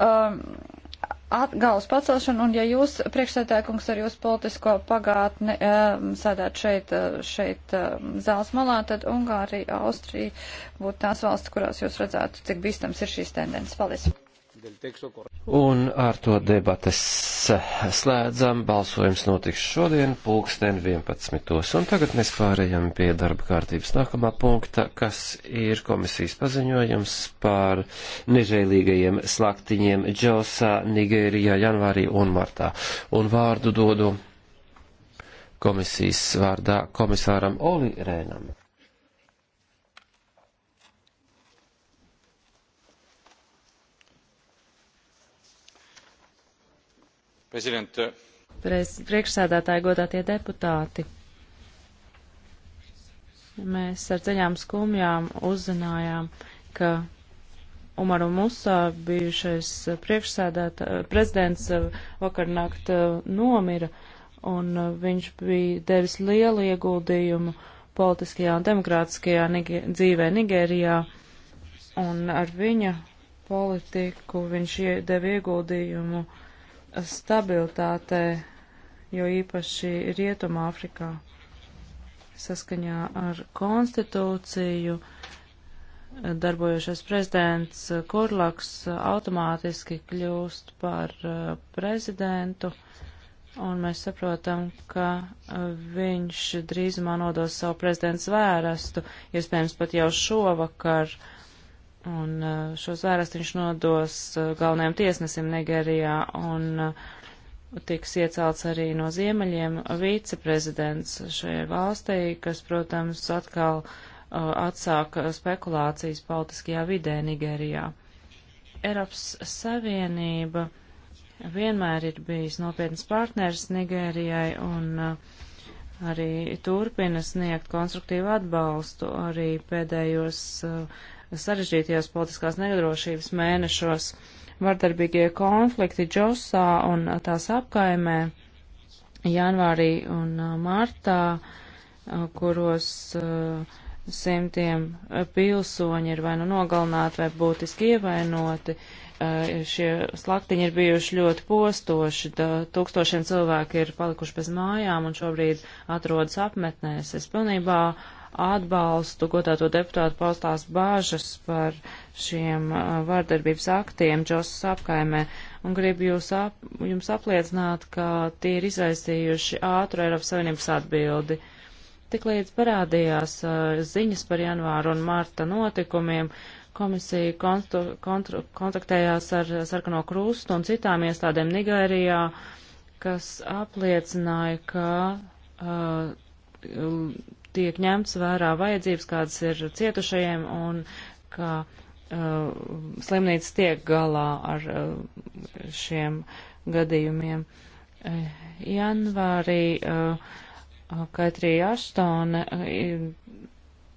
um, atgals pacelšanu, un ja jūs, priekšsētājkungs, ar jūsu politisko pagātni um, sēdāt šeit, uh, šeit um, zāles malā, tad Ungārija, Austrija būtu tās valsts, kurās jūs redzētu, cik bīstams ir šīs tendences. Paldies! Un ar to debates slēdzam. Balsojums notiks šodien, pulksten 11. Un tagad mēs pārējām pie darba kārtības nākamā punkta, kas ir komisijas paziņojums par nežēlīgajiem slaktiņiem Džosā, Nigērijā, janvārī un martā. Un vārdu dodu komisijas vārdā komisāram Oli Rēnam. Priekšsēdētāji, godātie deputāti, mēs ar ceļām skumjām uzzinājām, ka Umaru Musā, bijušais prezidents, vakarnakt nomira, un viņš bija devis lielu ieguldījumu politiskajā un demokrātiskajā Nige dzīvē Nigērijā, un ar viņa politiku viņš deva ieguldījumu uh, stabilitātē, jo īpaši Rietumā Afrikā saskaņā ar konstitūciju darbojošais prezidents Kurlaks automātiski kļūst par uh, prezidentu, un mēs saprotam, ka uh, viņš drīzumā nodos savu prezidents vērestu, iespējams pat jau šovakar. Uh, Un uh, šo zvērestu viņš nodos uh, galvenajam tiesnesim Nigerijā un uh, tiks iecelts arī no ziemeļiem viceprezidents šajai valstī, kas, protams, atkal atsāka spekulācijas politiskajā vidē Nigerijā. Eiropas Savienība vienmēr ir bijis nopietns partners Nigērijai un uh, arī turpina sniegt konstruktīvu atbalstu. Arī pēdējos uh, sarežģītajos politiskās nedrošības mēnešos. Vardarbīgie konflikti Džosā un tās apkaimē janvārī un uh, martā, uh, kuros uh, simtiem pilsoņi ir vai nu nogalināti vai būtiski ievainoti, šie slaktiņi ir bijuši ļoti postoši, da, tūkstošiem cilvēku ir palikuši bez mājām un šobrīd atrodas apmetnēs. Es pilnībā atbalstu godāto deputātu paustās bāžas par šiem uh, vārdarbības aktiem Džosas apkaimē un gribu jūs ap, jums apliecināt, ka tie ir izraisījuši ātru Eiropas Savienības atbildi. Tiklīdz parādījās uh, ziņas par janvāru un marta notikumiem, komisija konstu, kontru, kontaktējās ar Sarkano Krustu un citām iestādēm Nigērijā, kas apliecināja, ka uh, tiek ņemts vērā vajadzības, kādas ir cietušajiem un ka uh, slimnīcas tiek galā ar uh, šiem gadījumiem. Uh, janvārī uh, uh Kaitrija Aštone uh,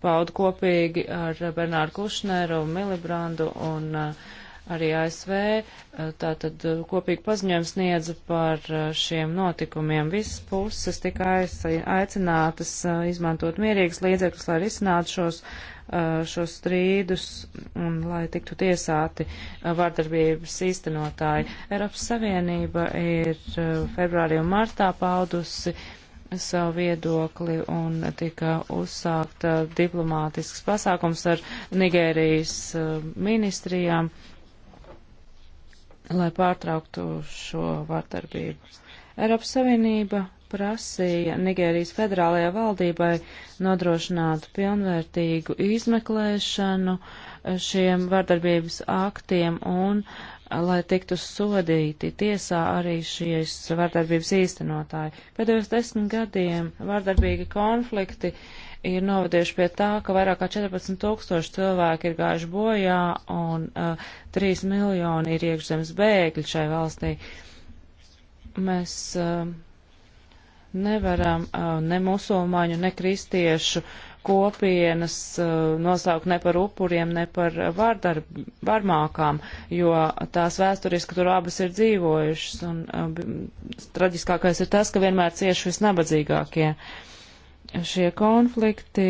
pauda kopīgi ar Bernāru Kušneru, Milibrandu un uh, arī ASV, eh, tātad eh, kopīgi paziņojums sniedza par eh, šiem notikumiem. Visas puses tika aicinātas izmantot mierīgas līdzekļus, lai risinātu šos, šos strīdus un lai tiktu tiesāti vardarbības īstenotāji. Eiropas Savienība ir februārī un martā paudusi savu viedokli un tika uzsākta diplomātisks pasākums ar Nigērijas ministrijām lai pārtrauktu šo vārdarbību. Eiropas Savienība prasīja Nigērijas federālajā valdībai nodrošināt pilnvērtīgu izmeklēšanu šiem vardarbības aktiem un lai tiktu sodīti tiesā arī šīs vardarbības īstenotāji. Pēdējos desmit gadiem vardarbīgi konflikti uh, ir novadījuši pie tā, ka vairāk kā 14 tūkstoši cilvēki ir gājuši bojā un uh, 3 miljoni ir iekšzemes bēgļi šai valstī. Mēs uh, nevaram uh, ne musulmaņu, ne kristiešu kopienas uh, nosaukt ne par upuriem, ne par vardar, varmākām, jo tās vēsturiski tur abas ir dzīvojušas. Un uh, traģiskākais ir tas, ka vienmēr cieši visnabadzīgākie. Uh, šie konflikti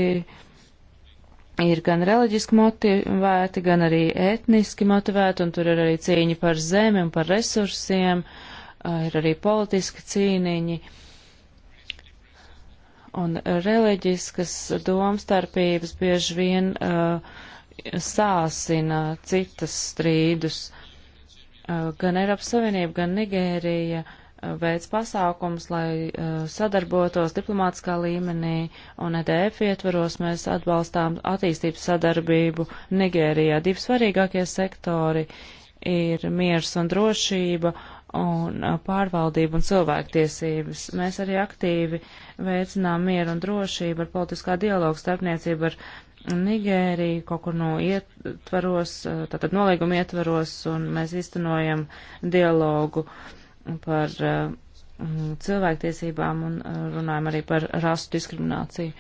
ir gan reliģiski motivēti, gan arī etniski motivēti, un tur ir arī cīņa par zemi un par resursiem, ir arī politiski cīniņi. Un reliģiskas domstarpības bieži vien uh, sāsina citas strīdus. Uh, gan Eiropas Savienība, gan Nigērija uh, veids pasākums, lai eh, sadarbotos diplomātiskā līmenī, un EDF ietveros mēs atbalstām attīstības sadarbību Nigērijā. Divi svarīgākie sektori ir miers un drošība un eh, pārvaldība un cilvēktiesības. Mēs arī aktīvi veicinām mieru un drošību ar politiskā dialogu starpniecību ar Nigēriju, kaut kur no ietvaros, eh, tātad nolīguma ietvaros, un mēs iztenojam dialogu uh, par uh, cilvēktiesībām un eh, runājam arī par rasu diskrimināciju.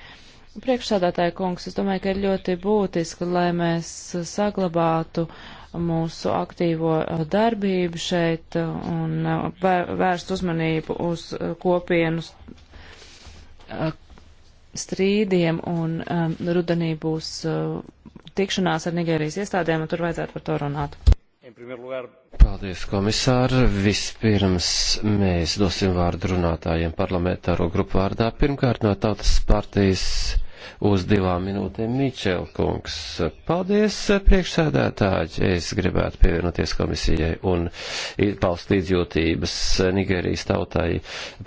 Priekšsādātāja kungs, es domāju, ka ir ļoti būtiski, lai mēs saglabātu mūsu aktīvo eh, darbību šeit un vērst uzmanību uz kopienus strīdiem un rudenī būs tikšanās ar Nigērijas iestādēm un tur vajadzētu par to runāt. Paldies, komisāri. Vispirms mēs dosim vārdu runātājiem parlamentāro grupu vārdā. Pirmkārt no tautas partijas uz divām minūtēm Mičel kungs. Paldies, priekšsēdētāji. Es gribētu pievienoties komisijai un paust līdzjūtības Nigērijas tautai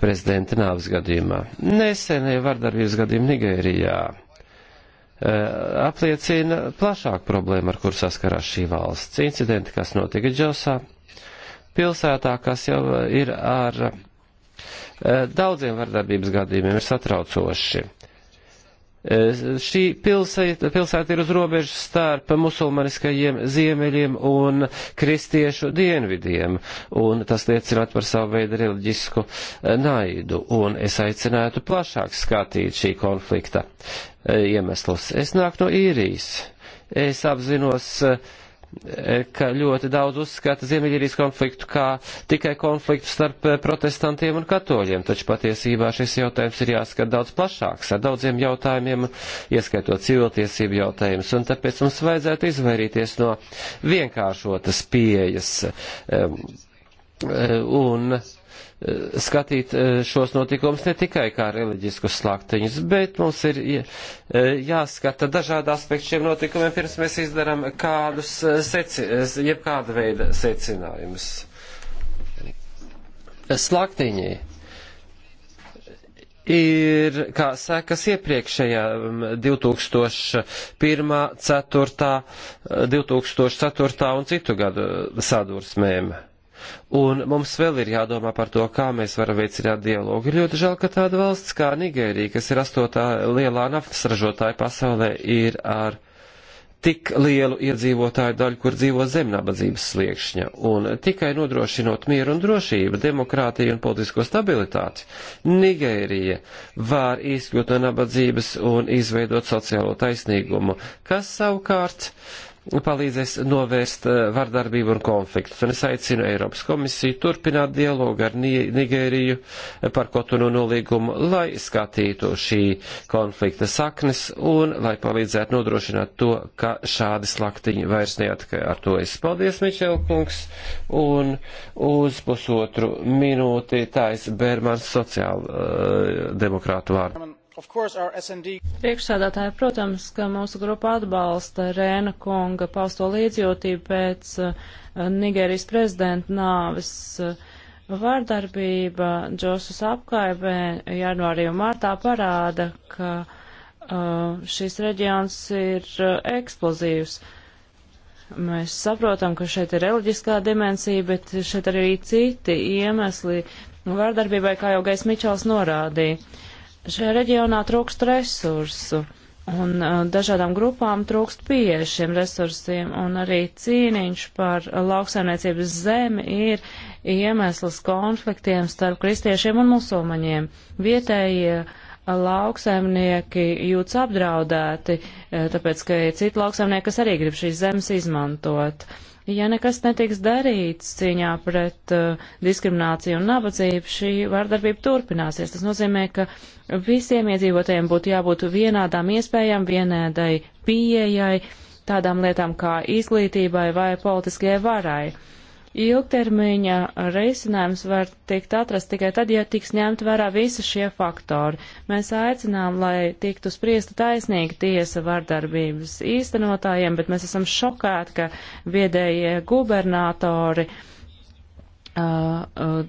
prezidenta nāves gadījumā. Nesenie vardarbības gadījumi Nigērijā Eh, apliecina plašāku problēmu, ar kur saskarās šī valsts. Incidenti, kas notika Džosā, pilsētā, kas jau eh, ir ar eh, daudziem vardarbības gadījumiem, ir satraucoši. Eh, šī pilsēta, pilsēta ir uz robežas starp musulmaniskajiem ziemeļiem un kristiešu dienvidiem, un tas liecina par savu veidu reliģisku eh, naidu, un es aicinātu plašāk skatīt šī konflikta eh, iemeslus. Es nāku no īrijas. Es apzinos uh, Eh, ka ļoti daudz uzskata Ziemeļīrijas konfliktu kā tikai konfliktu starp eh, protestantiem un katoļiem, taču patiesībā šis jautājums ir jāskat daudz plašāks, ar daudziem jautājumiem, ieskaitot civiltiesību jautājumus, un tāpēc mums vajadzētu izvairīties no vienkāršotas pieejas. Um, un Eh, skatīt eh, šos notikumus ne tikai kā reliģiskus slaktiņus, bet mums ir eh, jāskata dažādi aspekti šiem notikumiem, pirms mēs izdarām kādus seci, jebkāda veida secinājumus. Slaktiņi ir kā sekas iepriekšējā 2001, 4, 2004 un citu gadu sadursmēm. Un mums vēl ir jādomā par to, kā mēs varam veicināt dialogu. Ir ļoti žēl, ka tāda valsts kā Nigērija, kas ir astotā lielā naftas ražotāja pasaulē, ir ar tik lielu iedzīvotāju daļu, kur dzīvo zem nabadzības sliekšņa, un tikai nodrošinot mieru un drošību, demokrātiju un politisko stabilitāti, Nigērija var izkļūt no nabadzības un izveidot sociālo taisnīgumu, kas savukārt uh, palīdzēs novērst eh, vardarbību un konfliktus. Un es aicinu Eiropas komisiju turpināt dialogu ar Nigēriju eh, par Kotunu nolīgumu, lai skatītu šī konflikta saknes un lai palīdzētu nodrošināt to, ka šādi slaktiņi vairs neatkārtojas. Paldies, Mičel kungs, un uz pusotru minūti tais Bermans sociāldemokrātu eh, uh, vārdu. SND... Priekšsādātāji, protams, ka mūsu grupa atbalsta Rēna kunga pausto līdzjūtību pēc uh, Nigērijas prezidenta nāves. Uh, eh, Vārdarbība Džosus apkaibē janvārī un martā parāda, ka uh, šis reģions ir eksplozīvs. Mēs saprotam, ka šeit ir reliģiskā dimensija, bet šeit arī citi iemesli vārdarbībai, kā jau Gais Mičels norādīja. Šajā reģionā trūkst resursu, un uh, dažādām grupām trūkst pieeja šiem resursiem, un arī cīniņš par lauksaimniecības zemi ir iemesls konfliktiem starp kristiešiem un musulmaņiem. Vietējie uh, lauksaimnieki jūtas apdraudēti, uh, tāpēc, ka ir citi lauksaimnieki, kas arī grib šīs zemes izmantot. Uh, Ja nekas netiks darīts cīņā pret uh, diskrimināciju un nabadzību, šī vārdarbība turpināsies. Tas nozīmē, ka visiem iedzīvotājiem būtu jābūt vienādām iespējām, vienādai pieejai, tādām lietām kā izglītībai vai politiskajai varai. Uh, ilgtermiņa reisinājums var tikt atrast tikai tad, ja tiks ņemt vērā visi šie faktori. Mēs aicinām, lai tiktu spriesta taisnīga tiesa vardarbības īstenotājiem, bet mēs esam šokēti, ka viedējie gubernatori uh, uh,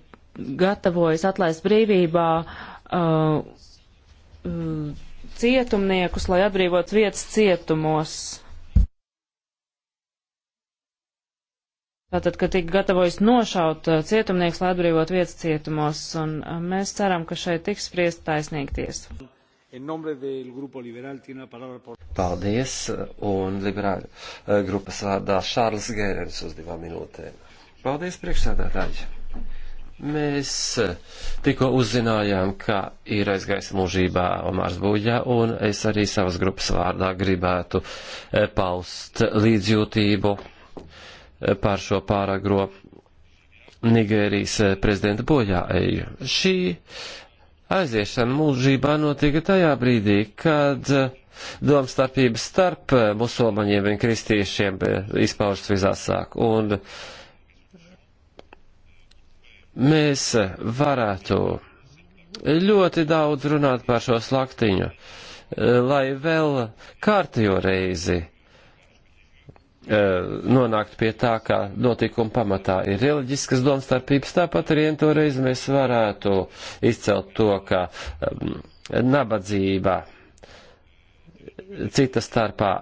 gatavojas atlaist brīvībā uh, uh, cietumniekus, lai atbrīvotu vietas cietumos. Tātad, ka tika gatavojas nošaut uh, cietumnieks, lai atbrīvot vietas cietumos, un uh, mēs ceram, ka šeit tiks spriest taisnīgi tiesa. Paldies, uh, un liberāļu grupas vārdā Šārls Gērens uz divām minūtēm. Paldies, priekšsēdētāji! Mēs tikko uzzinājām, ka ir aizgājis mūžībā Omārs Buļļa, un es arī savas grupas vārdā gribētu paust līdzjūtību pār šo pāragro Nigērijas eh, prezidenta bojā eju. Šī aiziešana mūžībā notika tajā brīdī, kad eh, domstarpības starp eh, musulmaņiem un kristiešiem izpaužas visāsāk. Un mēs varētu ļoti daudz runāt par šo slaktiņu, lai vēl kārtējo reizi Eh, nonākt pie tā, ka notikuma pamatā ir reliģiskas domstarpības, tāpat arī toreiz mēs varētu izcelt to, ka um, nabadzība cita starpā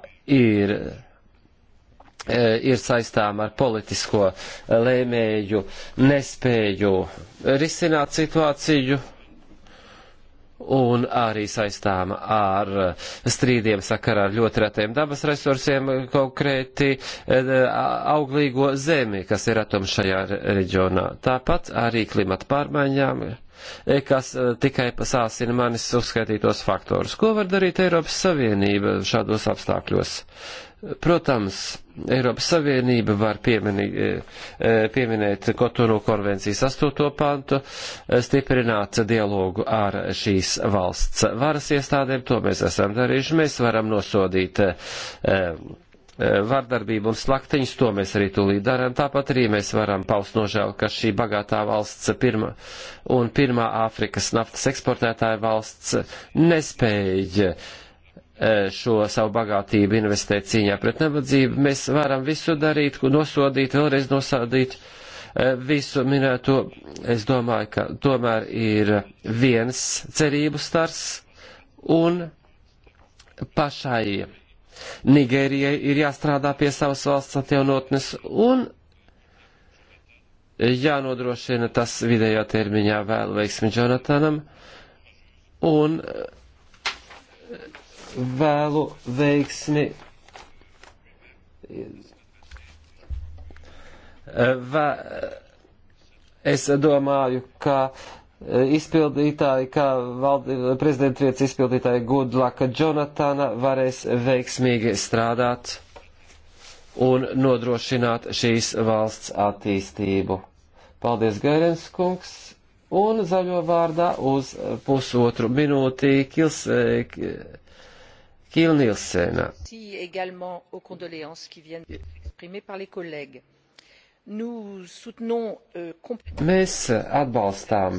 ir, eh, ir saistām ar politisko lēmēju nespēju risināt situāciju un arī saistāma ar strīdiem sakarā ar ļoti retiem dabas resursiem, konkrēti e, e, auglīgo zemi, kas ir atoma šajā reģionā. Tāpat arī klimata pārmaiņām E, kas e, tikai sāsina manis uzskaitītos faktorus. Ko var darīt Eiropas Savienība šādos apstākļos? Protams, Eiropas Savienība var piemini, e, pieminēt Kotonu konvencijas 8. pantu, stiprināt dialogu ar šīs valsts varas iestādēm, to mēs esam darījuši, mēs varam nosodīt Eh, vardarbību un slaktiņus, to mēs arī tūlīt darām. Tāpat arī mēs varam paust nožēlu, ka šī bagātā valsts pirma un pirmā Āfrikas naftas eksportētāja valsts nespēja eh, šo savu bagātību investēt cīņā pret nabadzību. Mēs varam visu darīt, nosodīt, vēlreiz nosodīt eh, visu minēto. Es domāju, ka tomēr ir viens cerību stars un pašai Nigērijai ir jāstrādā pie savas valsts atjaunotnes un jānodrošina tas vidējā termiņā vēl veiksmi Jonatanam un vēlu veiksmi Vē, es domāju, ka izpildītāji, kā valdi, prezidenta vietas izpildītāji Gudlaka Jonatana varēs veiksmīgi strādāt un nodrošināt šīs valsts attīstību. Paldies, Gairens kungs! Un zaļo vārdā uz pusotru minūti Kils, eh, Kilnilsena. Euh, Mēs atbalstām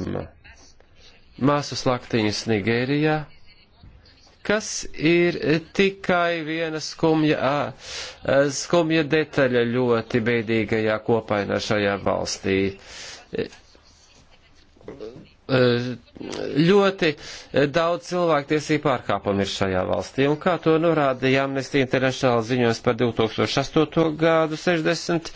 māsu slaktiņas Nigērijā, kas ir tikai viena skumja, skumja detaļa ļoti bēdīgajā kopainā šajā valstī. Eh, ļoti eh, daudz cilvēktiesību pārkāpumu ir šajā valstī. Un kā to norādīja Amnesty International ziņojums par 2008. gadu, 67%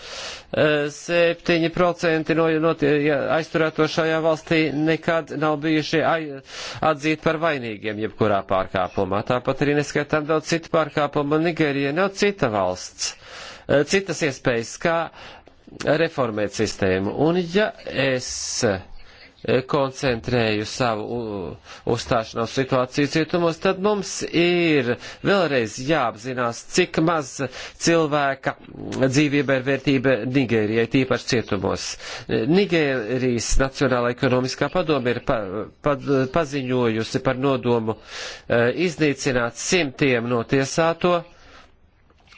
eh, no, no ja, aizturēto šajā valstī nekad nav bijuši atzīti par vainīgiem jebkurā pārkāpumā. Tāpat arī neskaitām daudz citu pārkāpumu. Nigērija nav cita valsts, citas iespējas, kā reformēt sistēmu. Un ja es koncentrēju savu uzstāšanos situāciju cietumos, tad mums ir vēlreiz jāapzinās, cik maz cilvēka dzīvība ir vērtība Nigērijai, tīpaši cietumos. Nigērijas Nacionāla ekonomiskā padome ir pa, pa, paziņojusi par nodomu e, iznīcināt simtiem notiesāto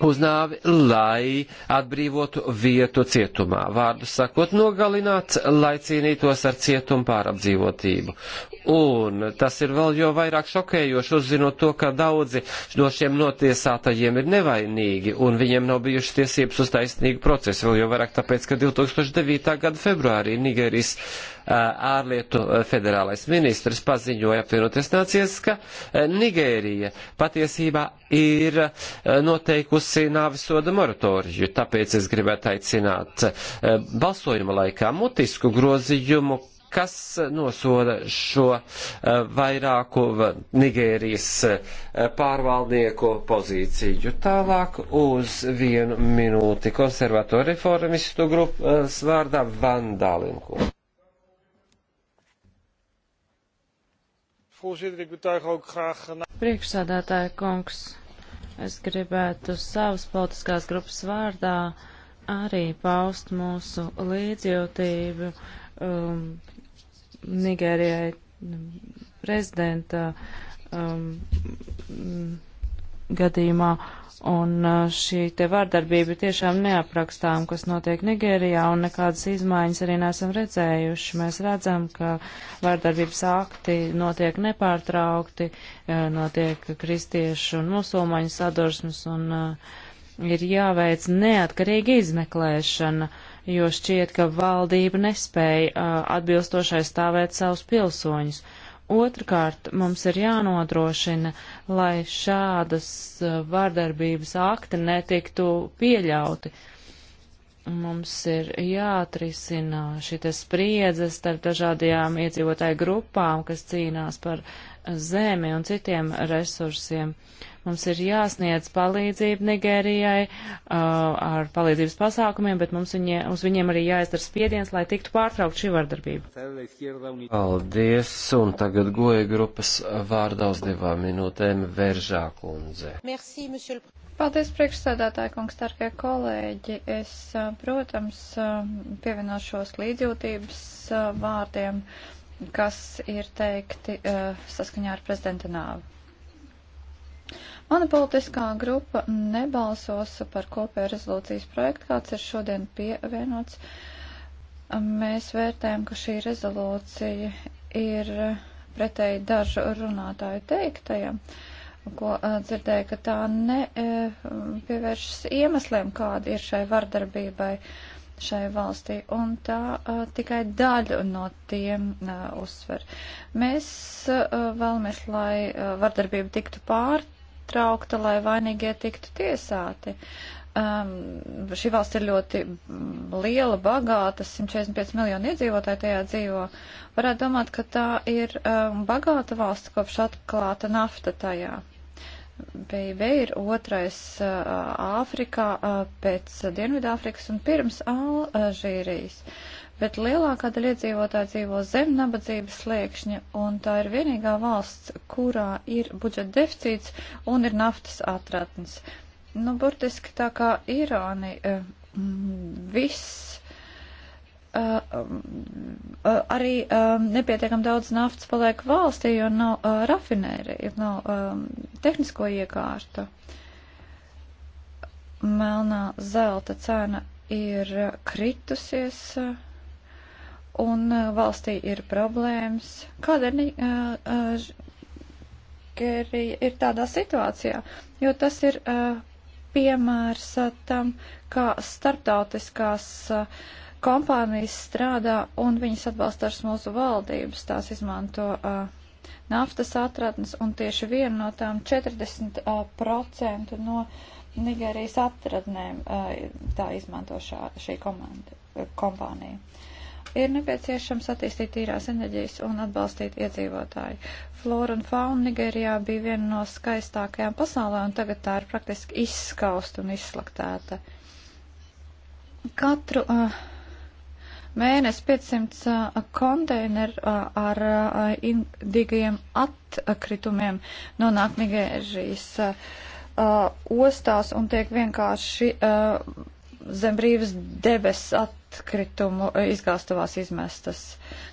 uz nāvi, lai atbrīvotu vietu cietumā. Vārdu sakot, nogalināt, lai cīnītos ar cietumu pārapdzīvotību. Un tas ir vēl jo vairāk šokējoši, uzzinot to, ka daudzi no šiem notiesātajiem ir nevainīgi, un viņiem nav bijušas tiesības uz taisnīgu procesu, vēl jo vairāk tāpēc, ka 2009. gada februārī Nigerijas Eh, ārlietu eh, federālais ministrs paziņoja apvienoties nācies, ka eh, Nigērija patiesībā ir noteikusi nāvisoda moratoriju. Tāpēc es gribētu aicināt balsojuma laikā mutisku grozījumu kas nosoda šo vairāku Nigērijas pārvaldnieku pozīciju. Tālāk uz vienu minūti konservatori reformistu grupas vārdā Vandālinku. Voorzitter, ik betuig ook graag. Eh, Priekšsādātāja kungs, es gribētu savas politiskās grupas vārdā arī paust mūsu līdzjūtību um, Nigērijai mm, prezidenta um, mm, gadījumā. Un uh, šī te vārdarbība ir tiešām neaprakstām, kas notiek Nigērijā, un nekādas izmaiņas arī neesam redzējuši. Mēs redzam, ka vārdarbības akti notiek nepārtraukti, uh, notiek kristiešu un musulmaņu sadursmes, un uh, ir jāveic neatkarīga izmeklēšana, jo šķiet, ka valdība nespēja atbilstošai stāvēt savus pilsoņus. Otrkārt, mums ir jānodrošina, lai šādas uh, vārdarbības akti netiktu pieļauti. Mums ir jāatrisina šī spriedzes starp dažādajām iedzīvotāju grupām, kas cīnās par uh, zemi un citiem resursiem. Mums ir jāsniedz palīdzību Nigērijai uh, ar palīdzības pasākumiem, bet mums viņie, uz viņiem arī jāizdara spiediens, lai tiktu pārtraukt šī vardarbība. Paldies, un tagad goja grupas vārdā uz divām minūtēm veržā kundze. Merci, monsieur... Paldies, priekšsēdētāji, kungs, starpie kolēģi. Es, uh, protams, uh, pievienošos līdzjūtības uh, vārdiem kas ir teikti eh, saskaņā ar prezidenta nāvi. Mana politiskā grupa nebalsos par kopēju rezolūcijas projektu, kāds ir šodien pievienots. Mēs vērtējam, ka šī rezolūcija ir pretēji dažu runātāju teiktajam, ko eh, dzirdēju, ka tā nepievēršas eh, iemesliem, kāda ir šai vardarbībai. Uh, šai valstī, un tā uh, tikai daļu no tiem uh, uzsver. Mēs uh, vēlamies, lai uh, vardarbība tiktu pārtraukta, lai vainīgie tiktu tiesāti. Um, šī valsts ir ļoti liela, bagāta, 145 miljoni iedzīvotāji tajā dzīvo. Varētu domāt, ka tā ir um, bagāta valsts kopš atklāta nafta tajā. BIB ir otrais Āfrikā pēc Dienvidāfrikas un pirms Alžīrijas. Bet lielākā daļa iedzīvotāji dzīvo zem nabadzības sliekšņa, un tā ir vienīgā valsts, kurā ir budžeta deficīts un ir naftas atratnes. Nu, burtiski tā kā Irāni, viss Uh, um, uh, arī um, nepietiekam daudz naftas paliek valstī, jo nav uh, rafinērija, nav um, tehnisko iekārtu. Melnā zelta cena ir kritusies un valstī ir problēmas. Kādēļ Nigērija ir tādā situācijā? Jo tas ir piemērs tam, kā starptautiskās uh, kompānijas strādā un viņas atbalsta ar mūsu valdības, tās izmanto uh, naftas atradnes un tieši viena no tām 40% uh, no Nigērijas atradnēm uh, tā izmanto šā, šī komanda, uh, kompānija. Ir nepieciešams attīstīt tīrās enerģijas un atbalstīt iedzīvotāju. Flora un fauna Nigērijā bija viena no skaistākajām pasaulē, un tagad tā ir praktiski izskausta un izslaktēta. Katru uh, mēnesi 500 konteineru ar indīgajiem atkritumiem nonāk Nigērijas ostās un tiek vienkārši zem brīvas debes atkritumu izgāstavās izmestas.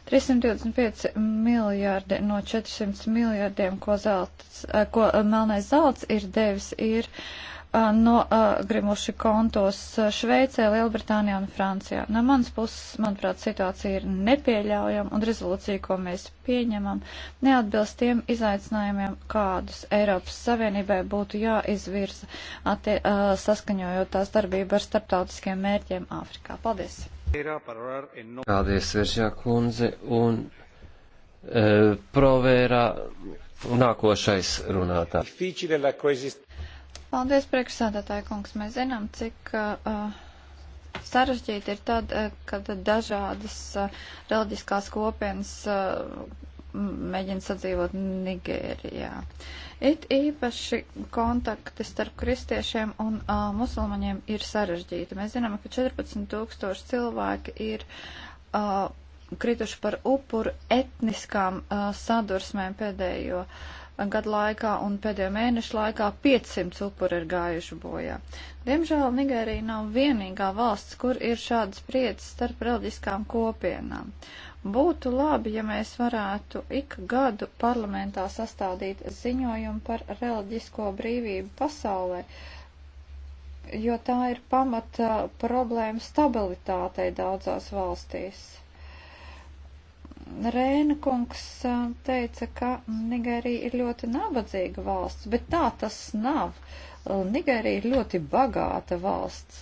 325 miljārdi no 400 miljārdiem, ko, zelts, ko melnais zelts ir devis, ir uh, nogrimuši kontos Šveicē, Lielbritānijā un Francijā. No manas puses, manuprāt, situācija ir nepieļaujama un rezolūcija, ko mēs pieņemam, neatbilst tiem izaicinājumiem, kādus Eiropas Savienībai būtu jāizvirza, attie, uh, saskaņojot tās darbību ar starptautiskiem mērķiem Āfrikā. Paldies! Paldies, Viržā kundze, un e, provērā nākošais runātājs. Paldies, priekšsādātāji kungs. Mēs zinām, cik uh, sarežģīti ir tad, uh, kad dažādas uh, reliģiskās kopienas uh, mēģina sadzīvot Nigērijā. It īpaši kontakti starp kristiešiem un uh, musulmaņiem ir sarežģīti. Mēs zinām, ka 14 tūkstoši cilvēki ir uh, krituši par upuru etniskām uh, sadursmēm pēdējo uh, gadu laikā un pēdējo mēnešu laikā 500 upuri ir gājuši bojā. Diemžēl Nigērija nav vienīgā valsts, kur ir šādas priecas starp reliģiskām kopienām. Būtu labi, ja mēs varētu ik gadu parlamentā sastādīt ziņojumu par reliģisko brīvību pasaulē, jo tā ir pamata problēma stabilitātei daudzās valstīs. Rēna kungs teica, ka Nigērija ir ļoti nabadzīga valsts, bet tā tas nav. Nigērija ir ļoti bagāta valsts,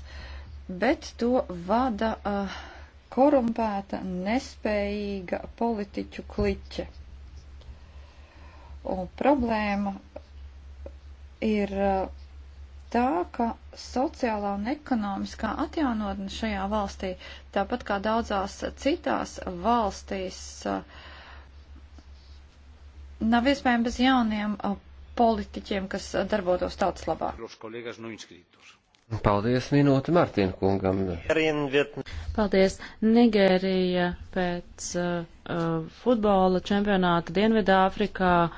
bet to vada uh, korumpēta, nespējīga politiķu kliķe. Un problēma ir uh, tā, ka sociālā un ekonomiskā atjaunotne šajā valstī, tāpat kā daudzās citās valstīs, eh, nav iespējama bez jauniem eh, politiķiem, kas darbotos tautas labā. Paldies minūte Martina kungam. Paldies. Nigērija pēc uh, futbola čempionāta Dienvidāfrikā uh,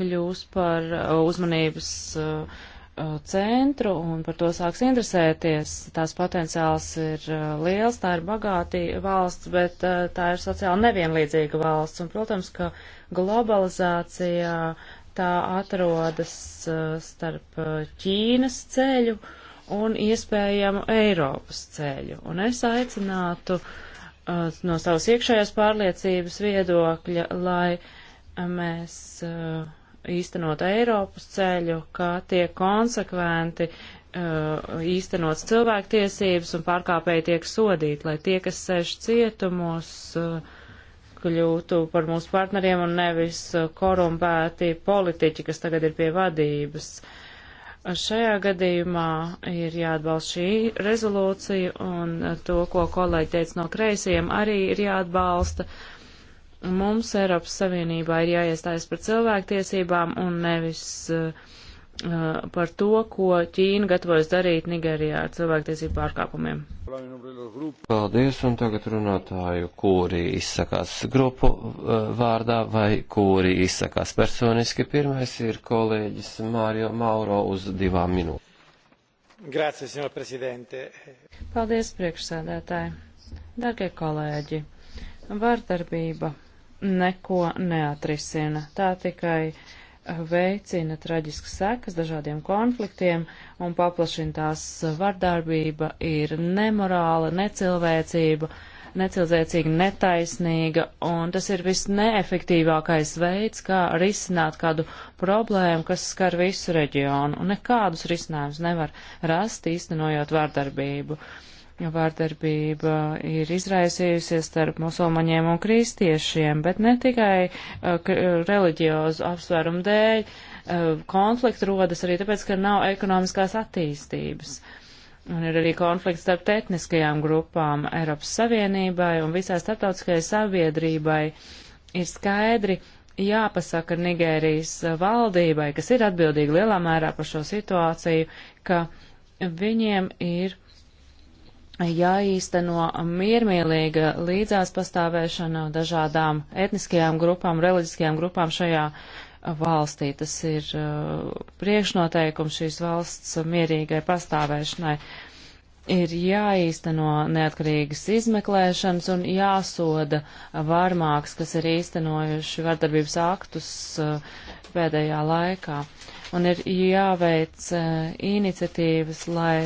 kļūs par uh, uzmanības. Uh, Uh, centru un par to sāks interesēties. Tās potenciāls ir uh, liels, tā ir bagātī valsts, bet uh, tā ir sociāli nevienlīdzīga valsts. Un, protams, ka globalizācijā tā atrodas starp Ķīnas ceļu un iespējamu Eiropas ceļu. Un es aicinātu no savas iekšējās pārliecības viedokļa, lai mēs uh, īstenot Eiropas ceļu, kā tiek konsekventi uh, īstenots cilvēktiesības un pārkāpēji tiek sodīti, lai tie, kas sēž cietumos, uh, kļūtu par mūsu partneriem un nevis uh, korumpēti politiķi, kas tagad ir pie vadības. Šajā gadījumā ir jāatbalsta šī rezolūcija un to, ko kolēģi teica no kreisiem, arī ir jāatbalsta. Uh, Mums Eiropas Savienībā ir jāiestājas par cilvēktiesībām un nevis uh, par to, ko Ķīna gatavojas darīt Nigērijā ar cilvēktiesību pārkāpumiem. Paldies, un tagad runātāju, kuri izsakās grupu eh, vārdā vai kuri izsakās personiski. Pirmais ir kolēģis Mārio Mauro uz divām minūtēm. Grazie, signor Presidente. Paldies, priekšsēdētāji. Dargie kolēģi, vārdarbība neko neatrisina. Tā tikai veicina traģiskas sekas dažādiem konfliktiem un paplašina tās vardarbība, ir nemorāla, necilvēcība, necilvēcīga, netaisnīga, un tas ir visneefektīvākais veids, kā risināt kādu problēmu, kas skar visu reģionu, un nekādus risinājumus nevar rast īstenojot vardarbību. Uh, vārdarbība ir izraisījusies starp musulmaņiem un kristiešiem, bet ne tikai uh, reliģiozu apsvērumu dēļ. Uh, konflikti rodas arī tāpēc, ka nav ekonomiskās attīstības. Un ir arī konflikts starp etniskajām grupām Eiropas Savienībai un visā starptautiskajai sabiedrībai. Ir skaidri jāpasaka Nigērijas valdībai, kas ir atbildīga lielā mērā par šo situāciju, ka viņiem ir uh, jāīsteno miermīlīga līdzās pastāvēšana dažādām etniskajām grupām, reliģiskajām grupām šajā valstī. Tas ir uh, priekšnoteikums šīs valsts mierīgai pastāvēšanai. Ir jāīsteno neatkarīgas izmeklēšanas un jāsoda varmāks, kas ir īstenojuši vardarbības aktus uh, pēdējā laikā. Un ir jāveic uh, iniciatīvas, lai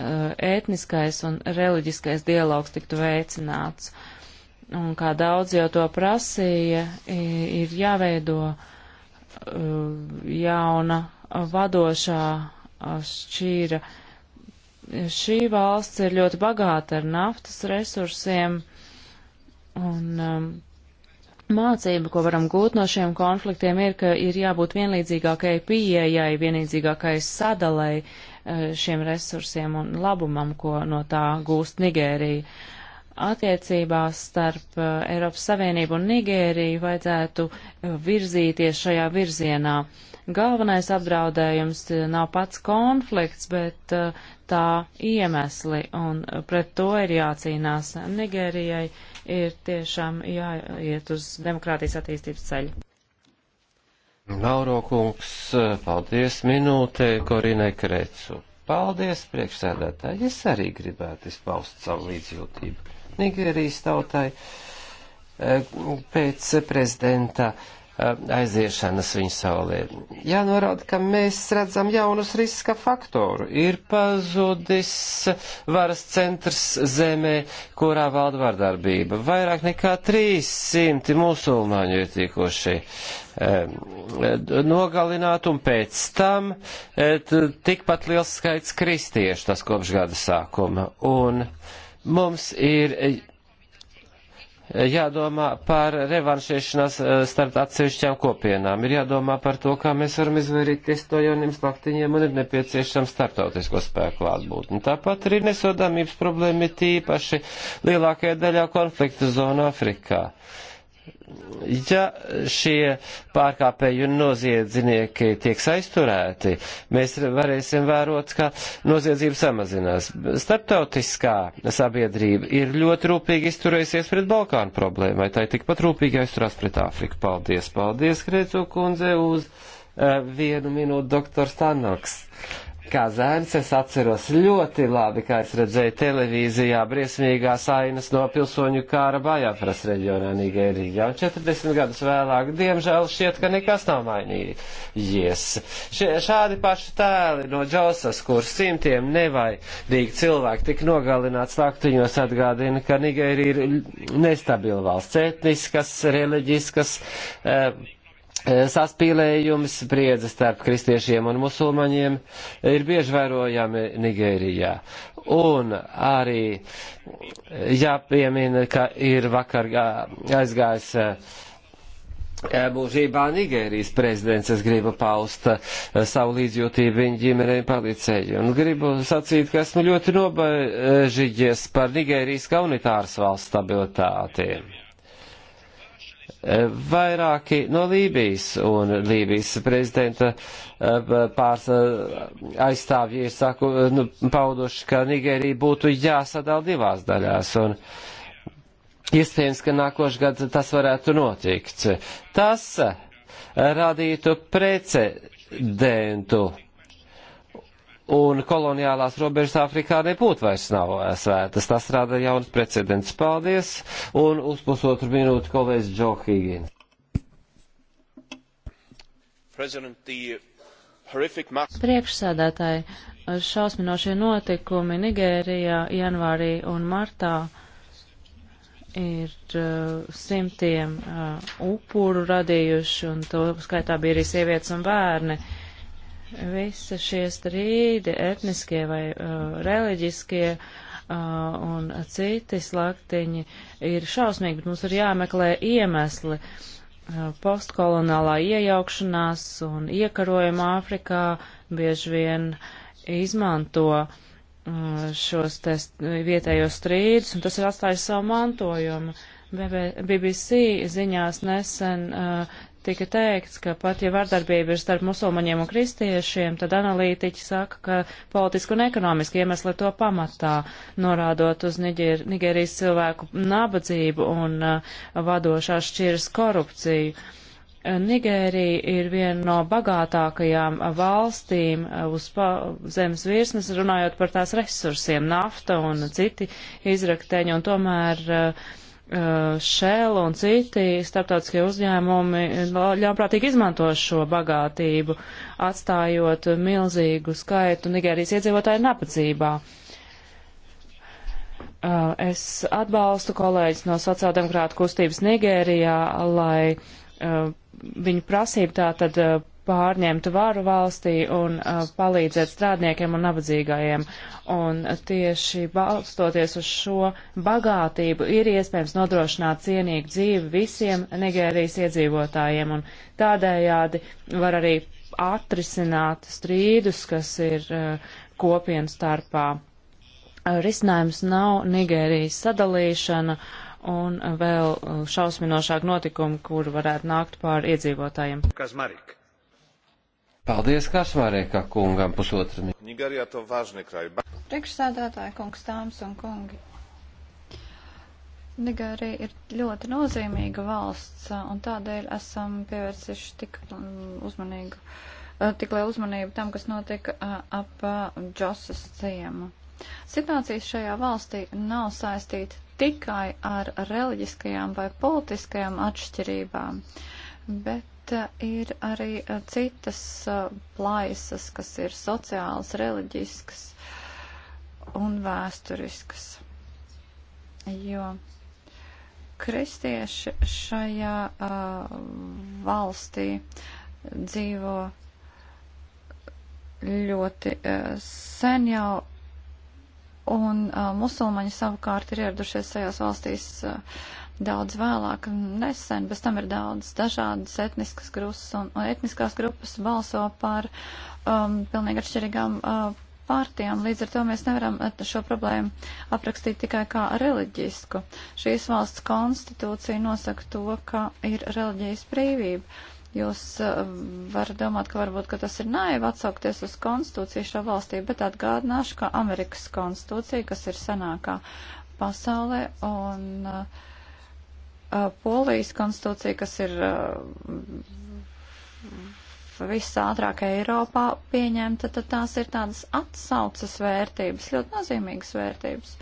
ētniskais eh, un reliģiskais dialogs tiktu veicināts. Un kā daudz jau to prasīja, ir jāveido eh, jauna vadošā eh, šķīra. Šī valsts ir ļoti bagāta ar naftas resursiem un um, Mācība, ko varam gūt no šiem konfliktiem, ir, ka ir jābūt vienlīdzīgākai pieejai, vienlīdzīgākai sadalai Eh, šiem resursiem un labumam, ko no tā gūst Nigērija. Attiecībās starp eh, Eiropas Savienību un Nigēriju vajadzētu eh, virzīties šajā virzienā. Galvenais apdraudējums nav pats konflikts, bet tā iemesli, un pret to ir jācīnās. Nigērijai ir tiešām jāiet uz demokrātijas attīstības ceļu. Lauro kungs, paldies minūtē Korinai Krecu. Paldies, priekšsēdētāji. Es arī gribētu izpaust savu līdzjūtību. Nigērijas tautai eh, pēc prezidenta uh, Eh, aiziešanas viņa saulē. Jānorāda, ka mēs redzam jaunus riska faktoru. Ir pazudis varas centrs zemē, kurā valda vardarbība. Vairāk nekā 300 musulmaņu ir tikuši eh, nogalināt, un pēc tam eh, tikpat liels skaits kristiešu tas kopš gada sākuma. Un mums ir jādomā par revanšēšanās eh, starp atsevišķām kopienām. Ir jādomā par to, kā mēs varam izvairīties no jauniem slaktiņiem un ir nepieciešama starptautisko spēku klātbūtne. Tāpat arī nesodāmības problēma ir tīpaši lielākajā daļā konflikta zona Afrikā. Uh, ja šie pārkāpēji un noziedznieki tieks aizturēti, mēs varēsim vērot, ka noziedzība samazinās. Starptautiskā sabiedrība ir ļoti rūpīgi izturējusies pret Balkānu problēmu, vai tā ir tikpat rūpīgi aizturās pret Āfriku. Paldies, paldies, Kreco kundze, uz uh, vienu minūtu doktors Tanoks kā zēns es atceros ļoti labi, kā es redzēju televīzijā, briesmīgās ainas no pilsoņu kāra Bajāfras reģionā Nigērijā. Un 40 gadus vēlāk, diemžēl, šķiet, ka nekas nav mainījies. Šie, šādi paši tēli no Džosas, kur simtiem nevainīgi cilvēki tik nogalināts laktiņos atgādina, ka Nigērija ir nestabila valsts, etniskas, reliģiskas. Eh, E, saspīlējumi, spriedze starp kristiešiem un musulmaņiem ir bieži vērojami Nigērijā. Un arī jāpiemina, ka ir vakar aizgājis e, e, mūžībā Nigērijas prezidents. Es gribu paust savu līdzjūtību viņa ģimenei palicēju. Un gribu sacīt, ka esmu ļoti nobažījies par Nigērijas kaunitāras valsts stabilitātiem Vairāki no Lībijas un Lībijas prezidenta eh, pārs eh, aizstāvji ir saku, eh, nu, pauduši, ka Nigērija būtu jāsadala divās daļās. Un, Iespējams, ka nākošais gads tas varētu notikt. Tas radītu precedentu un koloniālās robežas Āfrikā nebūtu vairs nav svētas. Tas rada jauns precedents. Paldies, un uz pusotru minūtu kolēģis Džo Higgins. Priekšsēdētāji, šausminošie notikumi Nigērijā janvārī un martā ir uh, simtiem uh, upuru radījuši, un to skaitā bija arī sievietes un bērni. Uh, visi šie strīdi, etniskie vai uh, reliģiskie uh, un citi slaktiņi ir šausmīgi, bet mums ir jāmeklē iemesli. Uh, postkolonālā iejaukšanās un iekarojuma Āfrikā bieži vien izmanto uh, šos vietējos strīdus, un tas ir atstājis savu mantojumu. BBC ziņās nesen uh, tika teikts, ka pat ja vardarbība ir starp musulmaņiem un kristiešiem, tad analītiķi saka, ka politiski un ekonomiski iemesli to pamatā, norādot uz Niger, Nigerijas cilvēku nabadzību un uh, vadošās šķiras korupciju. Uh, Nigērija ir viena no bagātākajām valstīm uh, uz zemes virsmas, runājot par tās resursiem, nafta un citi izrakteņi, un tomēr uh, Uh, Shell un citi starptautiskie uzņēmumi uh, ļaunprātīgi izmanto šo bagātību, atstājot milzīgu skaitu Nigērijas iedzīvotāju nabadzībā. Uh, es atbalstu kolēģis no sociāldemokrāta kustības Nigērijā, lai viņu prasību tā tad pārņemt varu valstī un uh, palīdzēt strādniekiem un nabadzīgajiem. Un tieši balstoties uz šo bagātību ir iespējams nodrošināt cienīgu dzīvi visiem Nigērijas iedzīvotājiem un tādējādi var arī atrisināt strīdus, kas ir uh, kopienu starpā. Uh, risinājums nav Nigērijas sadalīšana un vēl uh, šausminošāk notikumi, kur varētu nākt pār iedzīvotājiem. Kazmarik. Paldies Kašmārēkā kungam pusotru minūti. Priekšsēdētāji, kungs, tāms un kungi. Nigērija ir ļoti nozīmīga valsts, un tādēļ esam pievērsuši tik mm, uzmanīgu, eh, tik lielu uzmanību tam, kas notika eh, ap eh, Džosas ciemu. Situācijas šajā valstī nav saistīta tikai ar reliģiskajām vai politiskajām atšķirībām, bet Bet eh, ir arī eh, citas eh, plaisas, kas ir sociāls, reliģisks un vēsturisks. Jo kristieši šajā uh, valstī dzīvo ļoti uh, sen jau, un uh, musulmaņi savukārt ir ieradušies tajās valstīs uh, daudz vēlāk, nesen, bez tam ir daudz dažādas etniskas grupas un, un etniskās grupas balso par um, pilnīgi atšķirīgām uh, pārtījām. Līdz ar to mēs nevaram uh, šo problēmu aprakstīt tikai kā reliģisku. Šīs valsts konstitūcija nosaka to, ka ir reliģijas brīvība. Jūs uh, varat domāt, ka varbūt ka tas ir naivi atsaukties uz konstitūciju šā valstī, bet atgādināšu, ka Amerikas konstitūcija, kas ir senākā pasaulē, un uh, Uh, Polijas konstitūcija, kas ir uh, visātrāk Eiropā pieņemta, tad tās ir tādas atsaucas vērtības, ļoti nozīmīgas vērtības.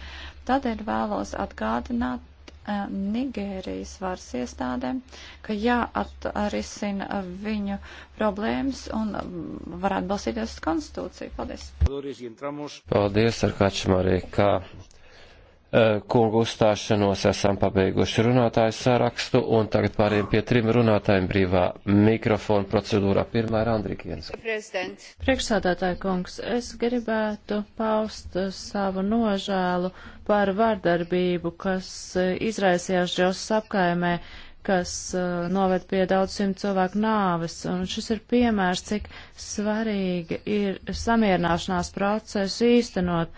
Tādēļ vēlos atgādināt uh, Nigērijas varas iestādēm, ka jāatrisina uh, viņu problēmas un um, varētu balstīties uz konstitūciju. Paldies. Paldies, Arkačmarī, kā Eh, kungu uzstāšanos esam pabeiguši runātāju sarakstu un tagad pāriem pie trim runātājiem brīvā mikrofona procedūrā. Pirmā ir Andrikienas. Priekšsādātāja kungs, es gribētu paust eh, savu nožēlu par vardarbību, kas eh, izraisījās Džosas apkaimē, kas noved pie daudz simt cilvēku nāves. Un šis ir piemērs, cik svarīgi ir samierināšanās procesu īstenot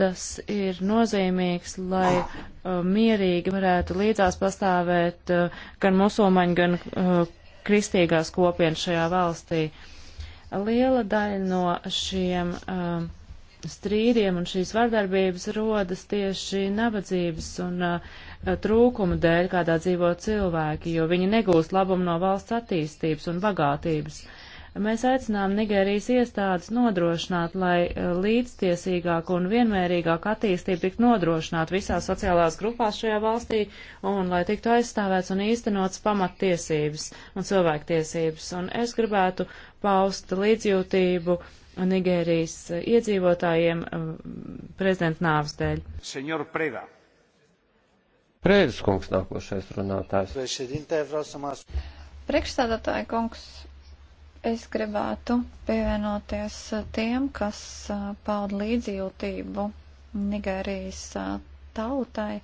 Tas ir nozīmīgs, lai uh, mierīgi varētu līdzās pastāvēt uh, gan musulmaņu, gan uh, kristīgās kopienas šajā valstī. Liela daļa no šiem uh, strīdiem un šīs vardarbības rodas tieši nabadzības un uh, trūkuma dēļ, kādā dzīvo cilvēki, jo viņi negūst labumu no valsts attīstības un bagātības. Uh, Mēs aicinām Nigērijas iestādes nodrošināt, lai e, līdztiesīgāk un vienmērīgāk attīstība tiktu nodrošināt visās sociālās grupās šajā valstī un lai tiktu aizstāvēts un īstenots pamattiesības un cilvēktiesības. Un es gribētu paust līdzjūtību Nigērijas iedzīvotājiem e, prezidenta nāves dēļ. Senjor Preda. Prēdas kungs nākošais runātājs. Priekšstādātāja kungs, Es gribētu pievienoties tiem, kas pauda līdzjūtību Nigērijas tautai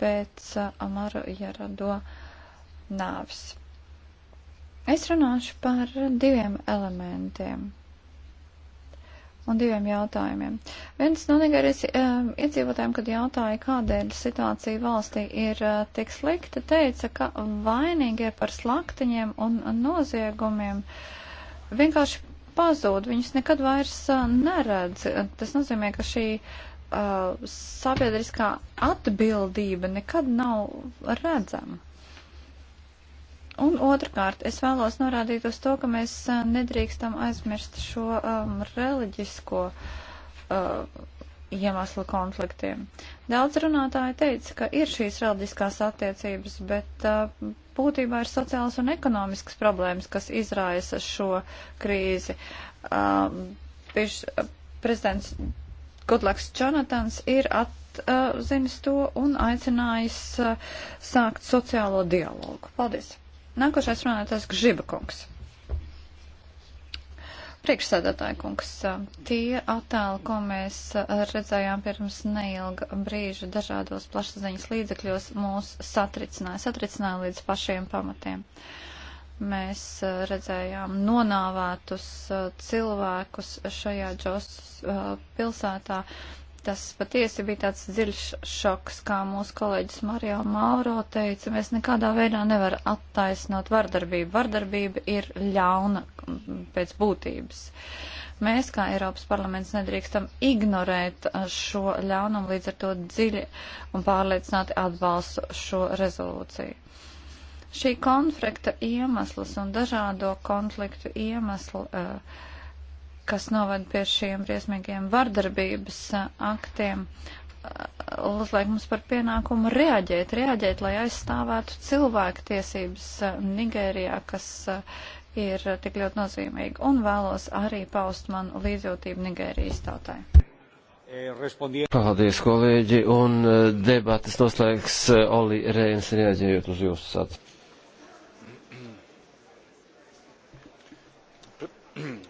pēc Amaru Jarado nāvis. Es runāšu par diviem elementiem un diviem jautājumiem. Viens no Nigērijas iedzīvotājiem, kad jautāja, kādēļ situācija valstī ir tik slikta, teica, ka vainīgi ir par slaktiņiem un noziegumiem. Uh, vienkārši pazūd, viņus nekad vairs neredz. Tas nozīmē, ka šī uh, sabiedriskā atbildība nekad nav redzama. Un otrkārt, es vēlos norādīt uz to, ka mēs nedrīkstam aizmirst šo um, reliģisko uh, iemeslu konfliktiem. Daudz runātāji teica, ka ir šīs radiskās attiecības, bet uh, būtībā ir sociāls un ekonomisks problēmas, kas izraisa šo krīzi. Uh, piš, uh, prezidents Gudlaks Čonatans ir atzinis uh, to un aicinājis uh, sākt sociālo dialogu. Paldies! Nākošais runātājs Gžiba kungs. Priekšsēdētāja kungs, tie attēli, ko mēs redzējām pirms neilga brīža dažādos plašsaziņas līdzekļos, mūs satricināja, satricināja līdz pašiem pamatiem. Mēs eh, redzējām nonāvētus eh, cilvēkus šajā Džos eh, pilsētā, Tas patiesi bija tāds dziļš šoks, kā mūsu kolēģis Mario Mauro teica, mēs nekādā veidā nevar attaisnot vardarbību. Vardarbība ir ļauna pēc būtības. Mēs, kā Eiropas parlaments, nedrīkstam ignorēt šo ļaunumu, līdz ar to dziļi un pārliecināti atbalstu šo rezolūciju. Šī konflikta iemesls un dažādo konfliktu iemeslu. Uh, kas novada pie šiem briesmīgiem vardarbības aktiem, uzliek mums par pienākumu reaģēt, reaģēt, lai aizstāvētu cilvēku tiesības Nigērijā, kas ir tik ļoti nozīmīga, un vēlos arī paust manu līdzjūtību Nigērijas tautai. Paldies, kolēģi, un debatas noslēgs Oli Rēns reaģējot uz jūsu sacību.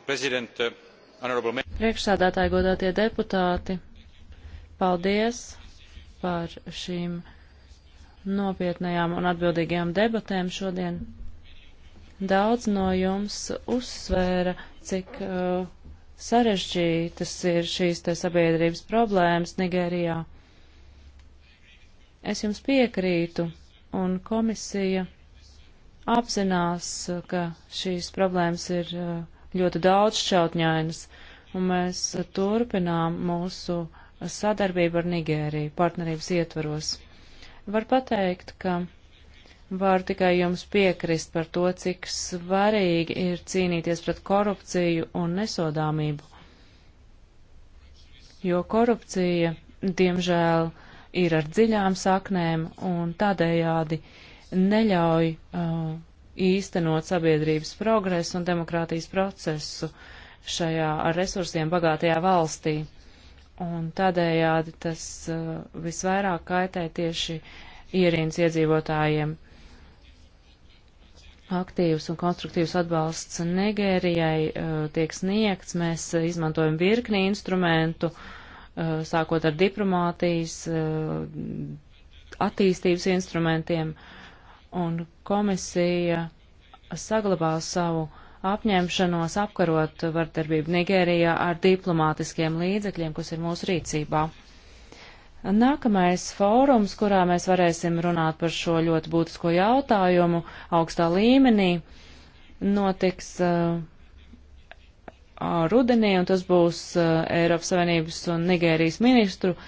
President, uh... Priekšsādātāji, godātie deputāti, paldies par šīm nopietnējām un atbildīgajām debatēm šodien. Daudz no jums uzsvēra, cik uh, sarežģītas ir šīs te sabiedrības problēmas Nigērijā. Es jums piekrītu, un komisija apzinās, ka šīs problēmas ir uh, ļoti daudz šķautņainas, un mēs turpinām mūsu sadarbību ar Nigēriju partnerības ietvaros. Var pateikt, ka var tikai jums piekrist par to, cik svarīgi ir cīnīties pret korupciju un nesodāmību. Jo korupcija, diemžēl, ir ar dziļām saknēm un tādējādi neļauj uh, īstenot sabiedrības progresu un demokrātijas procesu šajā ar resursiem bagātajā valstī. Un tādējādi tas uh, visvairāk kaitē tieši ierīnas iedzīvotājiem. Aktīvs un konstruktīvs atbalsts Nigērijai uh, tiek sniegts. Mēs uh, izmantojam virkni instrumentu, sākot ar diplomātijas, attīstības instrumentiem. Uh, un komisija saglabā savu apņemšanos apkarot vardarbību Nigērijā ar diplomātiskiem līdzekļiem, kas ir mūsu rīcībā. Nākamais fórums, kurā mēs varēsim runāt par šo ļoti būtisko jautājumu augstā līmenī, notiks uh, rudenī, un tas būs uh, Eiropas Savienības un Nigērijas ministru uh,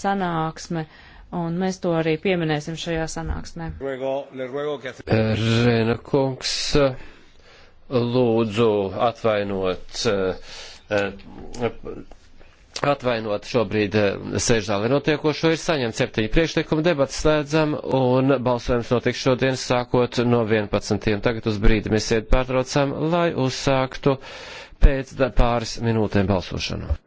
sanāksme. Uh, un mēs to arī pieminēsim šajā sanāksmē. Rēna kungs, lūdzu atvainot, eh, atvainot šobrīd eh, sēžzāli notiekošo, ir saņemts septiņi priekšlikumi, debats slēdzam un balsojums notiks šodien sākot no 11. Tagad uz brīdi mēs iet pārtraucam, lai uzsāktu pēc pāris minūtēm balsošanu.